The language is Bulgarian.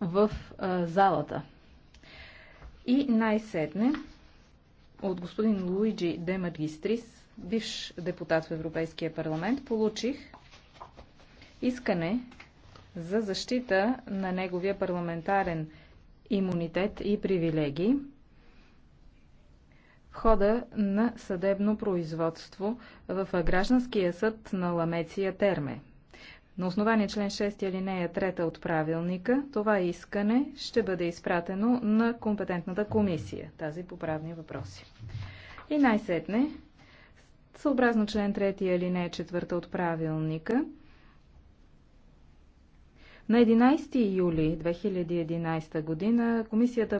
в а, залата. И най-сетне от господин Луиджи Де Магистрис, бивш депутат в Европейския парламент, получих искане за защита на неговия парламентарен имунитет и привилегии в хода на съдебно производство в гражданския съд на Ламеция Терме. На основание член 6 алинея 3 от правилника, това искане ще бъде изпратено на компетентната комисия, тази по правни въпроси. И най-сетне, съобразно член 3 алинея 4 от правилника, на 11 юли 2011 година комисията